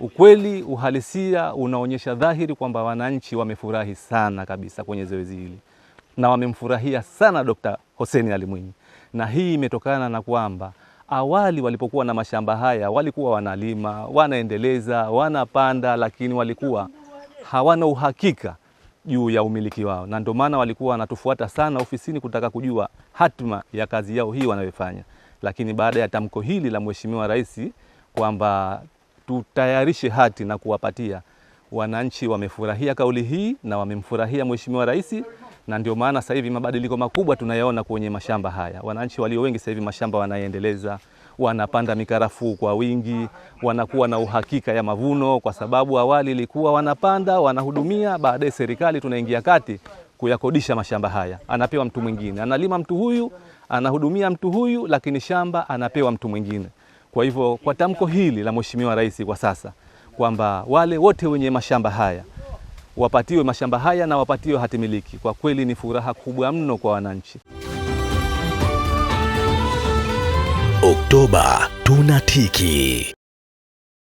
Ukweli uhalisia unaonyesha dhahiri kwamba wananchi wamefurahi sana kabisa kwenye zoezi hili na wamemfurahia sana Dkt. Hussein Ali Mwinyi, na hii imetokana na kwamba awali walipokuwa na mashamba haya walikuwa wanalima, wanaendeleza, wanapanda, lakini walikuwa hawana uhakika juu ya umiliki wao, na ndio maana walikuwa wanatufuata sana ofisini kutaka kujua hatima ya kazi yao hii wanayofanya. Lakini baada ya tamko hili la Mheshimiwa Rais kwamba tutayarishe hati na kuwapatia wananchi. Wamefurahia kauli hii na wamemfurahia Mheshimiwa Rais, na ndio maana sasa hivi mabadiliko makubwa tunayaona kwenye mashamba haya. Wananchi walio wengi sasa hivi mashamba wanaendeleza, wanapanda mikarafuu kwa wingi, wanakuwa na uhakika ya mavuno, kwa sababu awali ilikuwa wanapanda wanahudumia, baadaye serikali tunaingia kati kuyakodisha mashamba haya, anapewa mtu mwingine, analima mtu huyu, anahudumia mtu huyu, lakini shamba anapewa mtu mwingine. Kwa hivyo kwa tamko hili la Mheshimiwa Rais kwa sasa kwamba wale wote wenye mashamba haya wapatiwe mashamba haya na wapatiwe hati miliki, kwa kweli ni furaha kubwa mno kwa wananchi. Oktoba tunatiki.